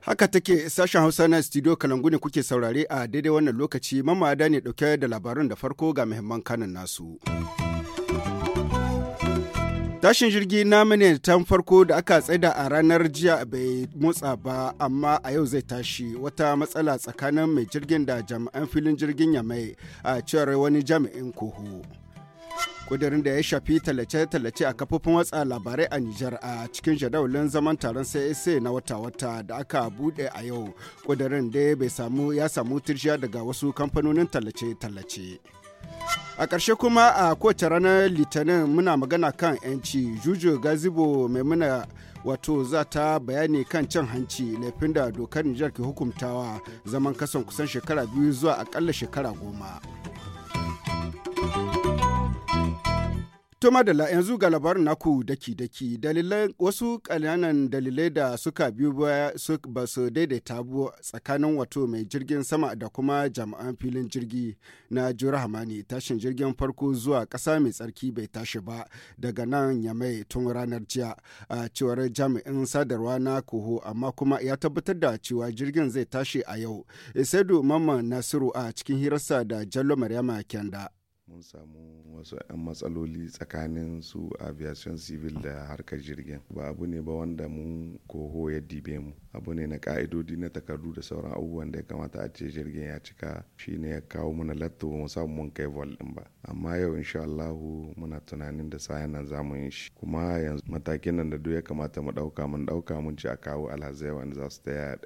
haka take sashen Hausa na studio kalangu ne kuke saurare a daidai wannan lokaci mamada ne dauke da labarun da farko ga muhimman kanan nasu. Tashin jirgi namu ne ta farko da aka tsada a ranar jiya bai motsa ba amma a yau zai tashi wata matsala tsakanin mai jirgin da jami'an filin jirgin ya mai a cewar wani jami'in kohu. kudirin da ya shafi tallace-tallace a kafofin watsa labarai a Nijar a cikin jadawalin zaman taron sai-sai na wata-wata da aka bude a yau. Kudirin da ya samu tirjiya daga wasu kamfanonin tallace-tallace. a ƙarshe kuma a kowace ranar litinin muna magana kan 'yanci juju gazibo mai muna wato za ta bayani kan cin hanci laifin da dokar nijar ke hukumtawa zaman kasan kusan shekara biyu zuwa akalla shekara goma To madalla yanzu ga labarin naku daki-daki dalilai wasu kananan dalilai da suka biyu ba su daidaita bu tsakanin wato mai jirgin sama da kuma jami'an filin jirgi na ne tashin jirgin farko zuwa kasa mai tsarki bai tashi ba daga nan ya mai tun ranar jiya a cewar jami'in sadarwa na koho amma kuma ya tabbatar da cewa jirgin zai tashi a yau. Isaidu Mamman Nasiru a cikin hirarsa da Jallo Maryama Kenda. mun samu wasu 'yan matsaloli tsakanin su aviation civil da harkar jirgin ba abu ne ba wanda mun koho ya dibe mu abu ne na ka'idodi na takardu da sauran abubuwan da ya kamata a ce jirgin ya cika shine ya kawo mana latto ba mu samu mun kai vol din ba amma yau insha Allahu muna tunanin da sayan nan za mu yi shi kuma yanzu matakin nan da duk ya kamata mu dauka mun dauka mun ci a kawo alhazai wanda za su taya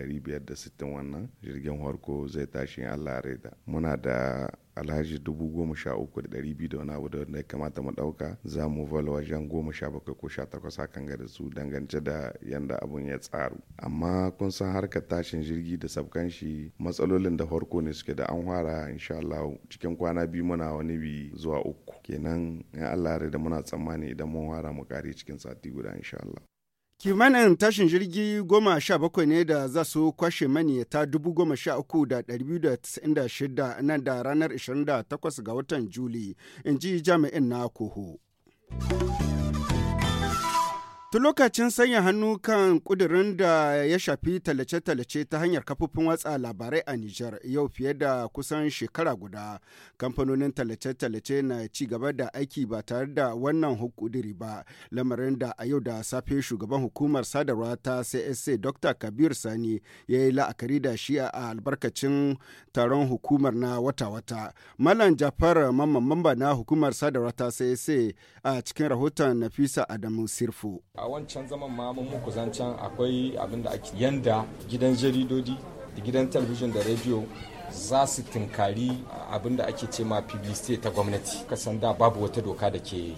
sittin wannan jirgin harko zai tashi Allah ya reda muna da alhaji dubu goma sha uku da ɗari biyu da wani abu da wanda ya kamata mu ɗauka za mu bala wajen goma sha bakwai ko sha takwas hakan ga da su dangance da yanda abun ya tsaru amma kun san harkar tashin jirgi da sabkan shi matsalolin da farko ne suke da an fara insha Allah cikin kwana biyu muna wani bi zuwa uku kenan in Allah da muna tsammani idan mun fara mu kare cikin sati guda insha Allah kimanin tashin jirgi goma sha bakwai ne da za su kwashe maniyata dubu goma sha uku da ɗari biyu da tisa'in da shida nan da ranar ashirin da takwas ga watan juli in ji jami'in na koho. Tun lokacin sanya hannu kan kudirin da ya shafi tallace-tallace ta hanyar kafofin watsa labarai a Nijar yau fiye da kusan shekara guda, kamfanonin tallace-tallace na ci gaba da aiki ba tare da wannan kudiri ba, lamarin da a yau da safe shugaban hukumar sadarwa ta CSA Dr. Kabir Sani ya yi la'akari da shi a albarkacin taron hukumar na wata-wata. Malam Jafar mamman mamba na hukumar sadarwa ta CSA a cikin rahoton Nafisa Adamu Sirfu. a wancan zaman ma mun muku akwai abin da ake yanda gidan jaridodi da gidan talabijin da rediyo za su tinkari abin da ake ce ma publicity ta gwamnati kasan da babu wata doka da ke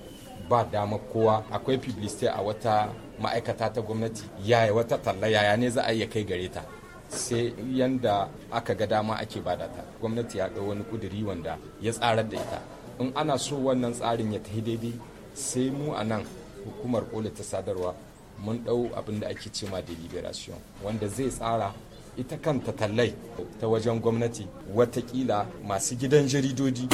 ba dama kowa akwai publicity a wata ma'aikata ta gwamnati yaya wata talla yaya ne za a iya kai gare ta sai yanda aka ga dama ake bada ta gwamnati ya ga wani kuduri wanda ya tsarar da ita in ana so wannan tsarin ya tafi daidai sai mu a nan hukumar kola ta sadarwa mun dau abin da ake cema deliberation wanda zai tsara ita kanta tallai ta wajen gwamnati watakila masu gidan jaridodi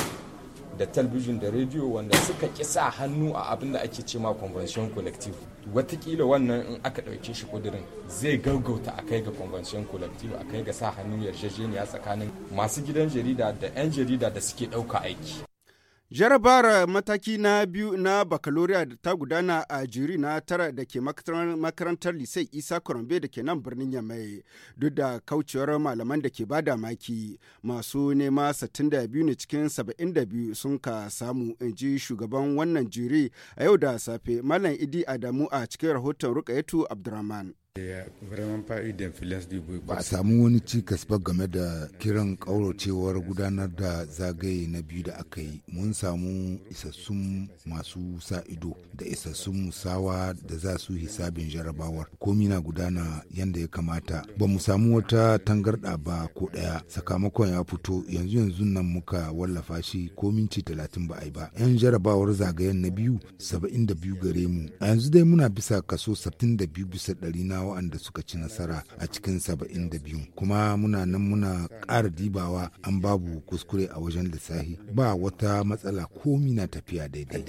da talbijin da rediyo wanda suka kisa hannu a abin da ake cema convention collective watakila wannan in aka ɗauke shi kudirin zai gaugauta a kai ga convention collective a kai ga sa hannu yarjejeniya tsakanin masu gidan jarida da 'yan jarida da suke ɗauka aiki jarabar mataki na biyu na bakaloriya ta gudana a jiri na tara da ke makarantar Lisai Isa Kurambe da ke nan birnin Yamai duk da kaucewar malaman da ke bada maki masu nema 62 ne cikin 72 sun ka samu in ji shugaban wannan jiri a yau da safe Malam Idi Adamu a cikin rahoton Rukayetu Abdurrahman. Ba a samu wani cikas ba game da kiran ƙauracewar gudanar da zagaye na biyu da aka yi. Mun samu isassun masu sa ido da isassun musawa da za su hisabin jarabawar. Komi na gudana yadda ya kamata. Ba mu samu wata tangarɗa ba ko ɗaya. Sakamakon ya fito yanzu yanzu nan muka wallafa shi ko ci talatin ba a yi ba. 'Yan jarabawar zagayen na biyu saba'in da biyu gare mu. A yanzu dai muna bisa kaso sattin da biyu bisa ɗari na waɗanda suka ci nasara a cikin saba'in kuma muna nan muna ƙara dibawa an babu kuskure a wajen lissafi ba wata matsala komi na tafiya daidai.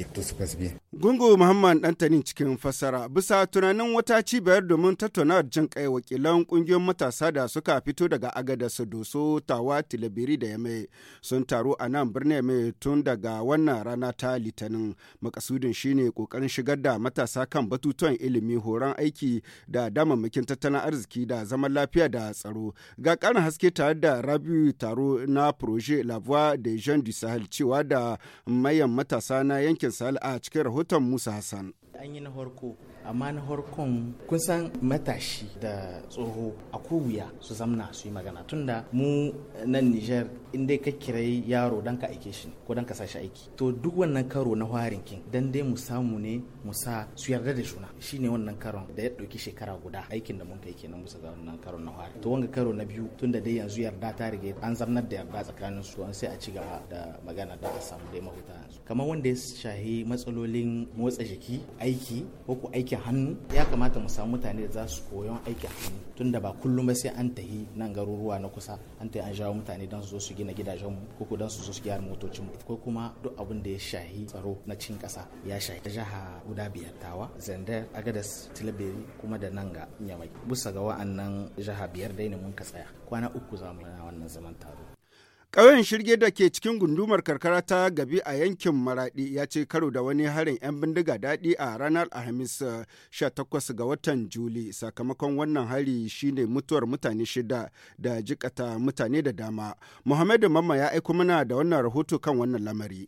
Gungu Muhammad Dantanin cikin fassara bisa tunanin wata cibiyar domin tattaunawar jin kai wakilan kungiyoyin matasa da suka fito daga agada su doso tawa tilabiri da yame sun taru a nan birnin mai tun daga wannan rana ta litinin makasudin shine kokarin shigar da matasa kan batutuwan ilimi horon aiki da dama damammakin tattalin arziki da zaman lafiya da tsaro. Ga ƙarin haske tare da Rabiu taro na Proje La Voix des Jeunes du Sahel cewa da mayan matasa na yankin Sahel a cikin rahoton Musa Hassan. an yi na harko amma na harkon kun san matashi da tsoho a wuya su zamna su yi magana tunda mu nan niger in dai ka kira yaro dan ka aike shi ko dan ka sa shi aiki to duk wannan karo na warin kin dan dai mu samu ne mu sa su yarda da juna shine wannan karon da ya dauki shekara guda aikin da mun kai kenan musa ga wannan karon na wari to wanga karo na biyu tunda dai yanzu yarda ta rige an zamnar da yarda tsakanin su an sai a ci gaba da magana da a samu dai mahuta yanzu kamar wanda ya shahi matsalolin motsa jiki aiki ko ku aikin hannu ya kamata mu samu mutane da za su koyon aikin hannu tunda ba kullum ba sai an tahi nan garuruwa na kusa an tahi an jawo mutane don su zo su gina gidajen mu ko don su zo su gyara motocin mu ko kuma duk abin da ya shahi tsaro na cin kasa ya shahi ta jiha guda biyar tawa zander agadas tilbury kuma da nan ga nyamai bisa ga wa'annan jaha biyar dai ne mun ka tsaya kwana uku za mu wannan zaman taro Ƙauyen shirge da ke cikin gundumar karkara ta gabi a yankin Maraɗi ya ce karo da wani harin 'yan bindiga daɗi a ranar Alhamis 18 eh, ga watan Juli. Sakamakon wannan hari shine mutuwar mutane shida da jikata mutane da dama. Muhammadu Mamma ya aiko mana da wannan rahoto kan wannan lamari.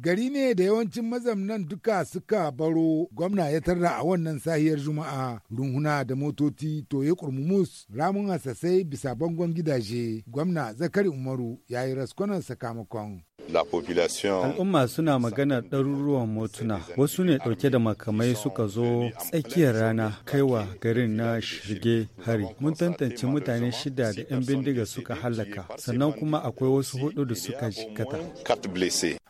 Gari ne da yawancin mazamnan duka suka baro gwamna ya tarra a wannan sahiyar Juma'a runhuna da motoci toye kurmumus ramin hasasai bisa bangon gidaje gwamna Zakari Umaru ya yi raskonar sakamakon. la Al'umma suna magana ɗaruruwan motuna, wasu ne ɗauke da makamai suka zo tsakiyar rana kaiwa garin na shirge hari. Mun tantance mutane shida da 'yan bindiga suka halaka, sannan kuma akwai wasu hudu da suka jikata.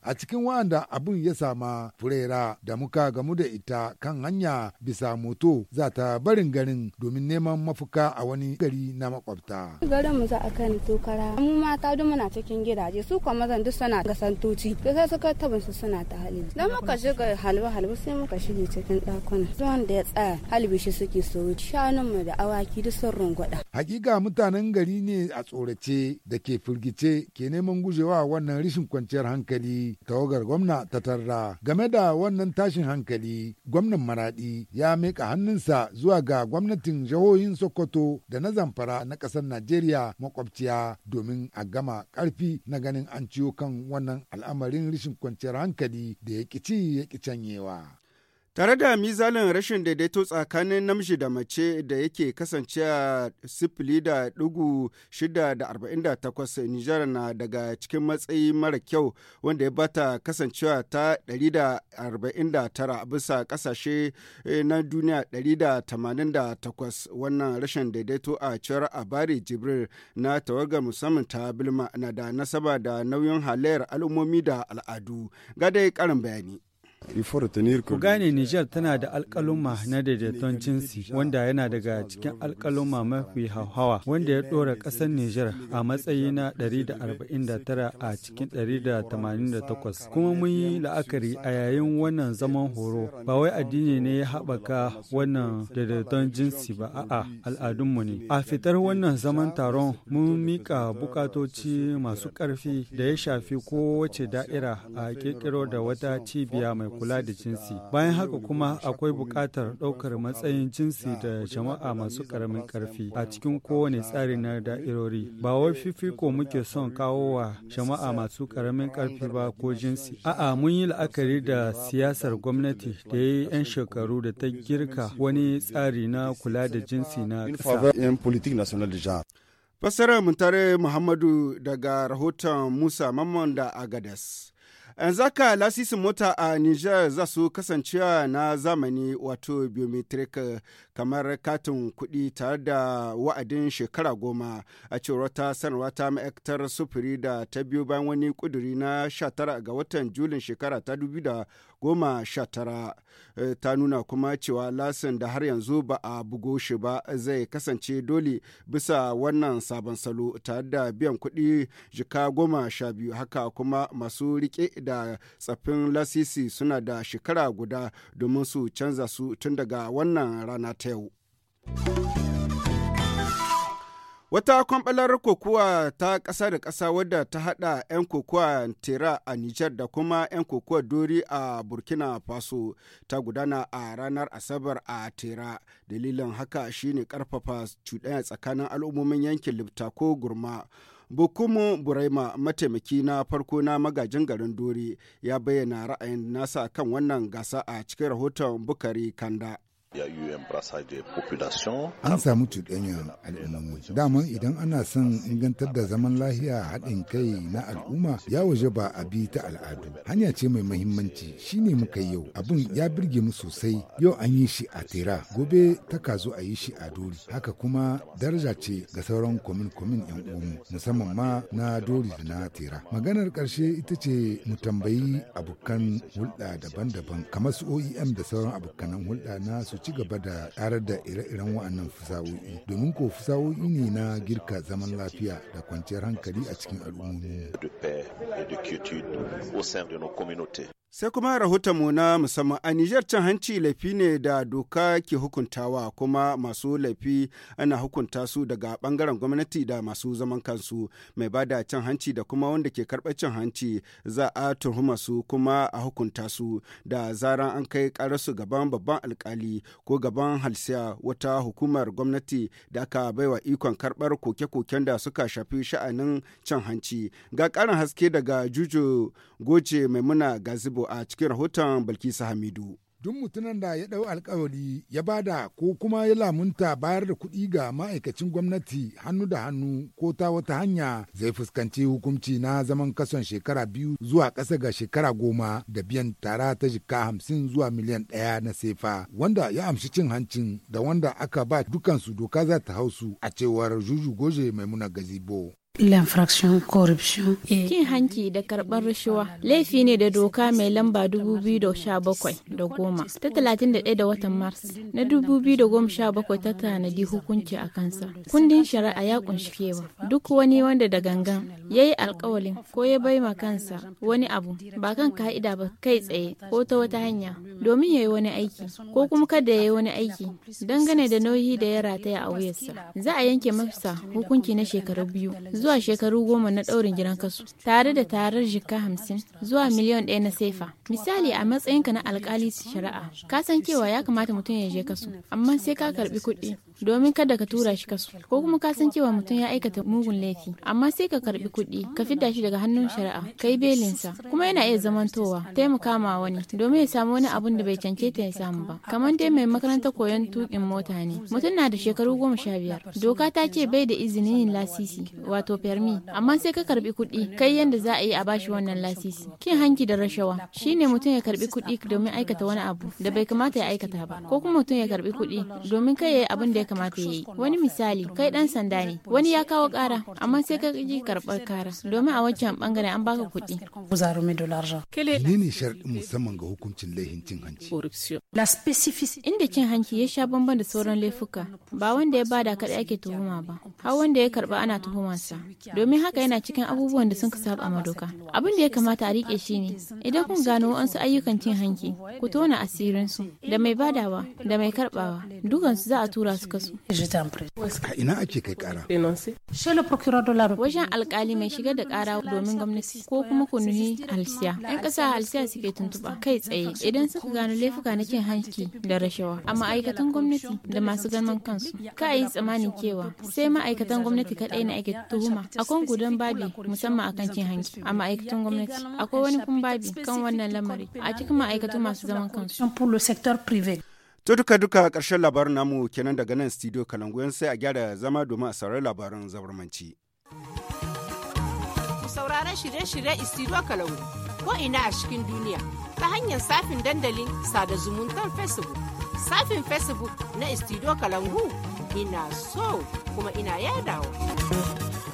A cikin wa'anda abin ya sama furera da muka gamu da ita kan hanya bisa moto za ta barin garin domin neman mafuka a wani gari na makwabta. Garin mu za a kan tokara, mu mata duk muna cikin gidaje su kuma mazan duk suna da to sai suka taba su suna ta hali da muka shiga halwa halwa sai muka shige cikin dakuna zuwan da ya tsaya halbi shi suke so shanun mu da awaki duk sun rungwada hakika mutanen gari ne a tsorace da ke firgice ke neman gujewa wannan rishin kwanciyar hankali tawagar gwamna ta tarra game da wannan tashin hankali gwamnan maradi ya mika hannunsa zuwa ga gwamnatin jihohin sokoto da na zamfara na ƙasar najeriya makwabciya domin a gama ƙarfi na ganin an ciwo kan wannan al'amarin rashin kwanciyar hankali da ya ci ya ƙi canyewa. Tare da mizalin rashin daidaito tsakanin namiji da mace da yake kasance a sifili da dugu shida da arba'in da takwas Nijar na daga cikin matsayi mara kyau wanda ya bata kasancewa ta dari da arba'in da tara bisa kasashe eh, na duniya dari da tamanin da takwas wannan rashin daidaito a cewar abari Jibril na tawagar musamman ta Bilma na da nasaba da nauyin halayyar al'ummomi da al'adu. Ga dai ƙarin bayani. Ku gane Nijar tana da alkaluma na daidaiton jinsi wanda yana daga cikin alkaluma mafi hauhawa wanda ya ɗora ƙasar Nijar a matsayi na 149 a cikin 188 kuma mun yi la'akari a yayin wannan zaman horo ba wai addini ne ya haɓaka wannan daidaiton jinsi ba a'a al'adunmu ne. A fitar wannan zaman taron mun miƙa bukatoci masu ƙarfi da ya shafi kowace da'ira a ƙirƙiro da wata cibiya mai mai kula da jinsi. Bayan haka kuma akwai buƙatar ɗaukar matsayin jinsi da jama'a masu ƙaramin ƙarfi a cikin kowane tsari na da'irori. Ba wai fifiko muke son kawo wa jama'a masu ƙaramin ƙarfi ba ko jinsi. A'a mun yi la'akari da siyasar gwamnati da ya yi 'yan shekaru da ta girka wani tsari na kula da jinsi na ƙasa. fassara Muntare Muhammadu daga rahoton Musa Mamman da Agadas. yanzu haka lasisin mota a niger za su kasance na zamani wato biometric eh, kamar katin kuɗi tare da wa'adin shekara goma a cewar wata sanarwa ta ma'aikatar sufuri da ta biyo bayan wani kuduri na 19 ga watan julin shekara ta goma sha tara eh, ta nuna kuma cewa lasin da har yanzu ba a bugo shi ba zai kasance dole bisa wannan sabon salo tare da biyan kuɗi jika goma sha biyu haka kuma masu rike da tsaffin lasisi suna da shekara guda domin su canza su tun daga wannan rana ta yau. Wata kwamɓalar kokowa ta ƙasa da ƙasa wadda ta haɗa 'yan kokowa tera a Nijar da kuma 'yan kokowa dori a Burkina Faso ta gudana a ranar Asabar a tera. Dalilin haka shine ƙarfafa cuɗanya tsakanin al'ummomin yankin Lipta ko Gurma. Bukumu Buraima mataimaki na farko na magajin garin Dori ya bayyana ra'ayin nasa kan wannan gasa a cikin rahoton Bukari Kanda. An samu cuɗanyar al'ummomi. Daman idan ana son ingantar da zaman lahiya haɗin kai na al'umma ya waje ba a bi ta al'adu. Hanya ce mai mahimmanci shine muka yau. Abin ya birge mu sosai yau an yi shi a tera gobe ta kazo a yi shi a dori. Haka kuma daraja ce ga sauran komin komin yan uwanmu musamman ma na dori da na tera. Maganar ƙarshe ita ce mu tambayi abokan hulɗa daban-daban kamar su OEM da sauran abokanan hulɗa na su ci gaba da karar da ire-iren wa'annan fusa'o'i domin ko fusa'o'i ne na girka zaman lafiya da kwanciyar hankali a cikin al'ummomi. Sai kuma rahoton mu na musamman a Nijar cin hanci laifi ne da doka ke hukuntawa kuma masu laifi ana hukunta su daga bangaren gwamnati da masu zaman kansu mai bada cin hanci da kuma wanda ke karɓar cin hanci za a tuhuma su kuma a hukunta su da zaran an kai su gaban babban alkali ko gaban halsiya wata hukumar gwamnati da aka baiwa ikon karɓar koke-koken da suka shafi sha'anin cin hanci ga ƙarin haske daga juju mai maimuna gazibu a cikin rahoton Balkisa Hamidu. duk mutumin da ya ɗau alkawari ya bada ko kuma ya lamunta bayar da kuɗi ga ma'aikacin gwamnati hannu da hannu ko ta wata hanya zai fuskanci hukunci na zaman kason shekara biyu zuwa ƙasa ga shekara goma da biyan tara ta jika hamsin zuwa miliyan ɗaya na sefa wanda ya amshi cin hancin da wanda aka ba dukansu doka za ta hausu a cewar juju goje maimuna gazibo l'infraction corruption Kin hanci da karɓar rashuwa. laifi ne da doka mai lamba 2017 da goma ta 31 da watan mars na 2017 ta tanadi hukunci a kansa kundin shari'a ya kunshi kewa duk wani wanda da gangan ya yi alkawalin ko ya bai ma kansa wani abu ba kan ka'ida ba kai tsaye ko ta wata hanya domin ya yi wani aiki ko kuma kada ya yi wani aiki dangane da nauyi da ya rataya a wuyarsa za a yanke masa hukunci na shekaru biyu zuwa shekaru goma na ɗaurin gidan kasu tare da tarar jika hamsin zuwa miliyan ɗaya na sefa misali a matsayinka na alkali shari'a ka san cewa ya kamata mutum ya je kasu amma sai ka karbi kuɗi domin kada ka tura shi kasu ko kuma ka san cewa mutum ya aikata mugun laifi amma sai ka karbi kuɗi ka fidda shi daga hannun shari'a kai belinsa kuma yana iya zamantowa taimaka ma wani domin ya samu wani abun da bai cancanta ya samu ba kamar dai mai makarantar koyon tukin mota ne mutum na da shekaru goma sha biyar doka ta ce bai da izinin yin lasisi wato permi amma sai ka karbi kuɗi kai yadda za a yi a bashi wannan lasisi kin hanki da rashawa shine mutum ya karbi kuɗi domin aikata wani abu da bai kamata ya aikata ba ko kuma mutum ya karbi kuɗi domin kai ya yi da kamata ya yi wani misali kai dan sanda ne wani ya kawo kara amma sai ka ji karɓar kara domin a wancan bangare an baka kuɗi ne ne sharɗin musamman ga hukuncin laifin cin hanci inda cin hanci ya sha bamban da sauran laifuka ba wanda ya bada kaɗai ake tuhuma ba har wanda ya karba ana sa domin haka yana cikin abubuwan da sun saba a doka abin da ya kamata a riƙe shi ne idan kun gano wasu ayyukan cin hanci ku tona asirinsu da mai badawa da mai karɓawa dukansu za a tura su A ina ake kai kara? Wajen alkali mai shiga da kara domin gwamnati ko kuma ku nuhi Yan ƙasa alsiya suke tuntuba. kai tsaye idan suka gano laifuka na cin hanci da rashawa a ma'aikatan gwamnati da masu ganin kansu. Ka yi tsammanin kewa sai ma'aikatan gwamnati kaɗai na ake tuhuma. a kan gudan babi musamman a kan cin hanci a ma'aikatan gwamnati. Akwai wani kun babi kan wannan lamari a cikin ma'aikatu masu zaman kansu. To duka duka ƙarshen labarin namu kenan daga nan studio yan sai a gyara zama domin a saurari labarin zabarmanci. Ku sauraron shirye shiryen Istiro Kalangu ko ina a cikin duniya ta hanyar safin dandalin sada zumuntar Facebook. Safin Facebook na Istiro Kalangu ina so kuma ina yadawa.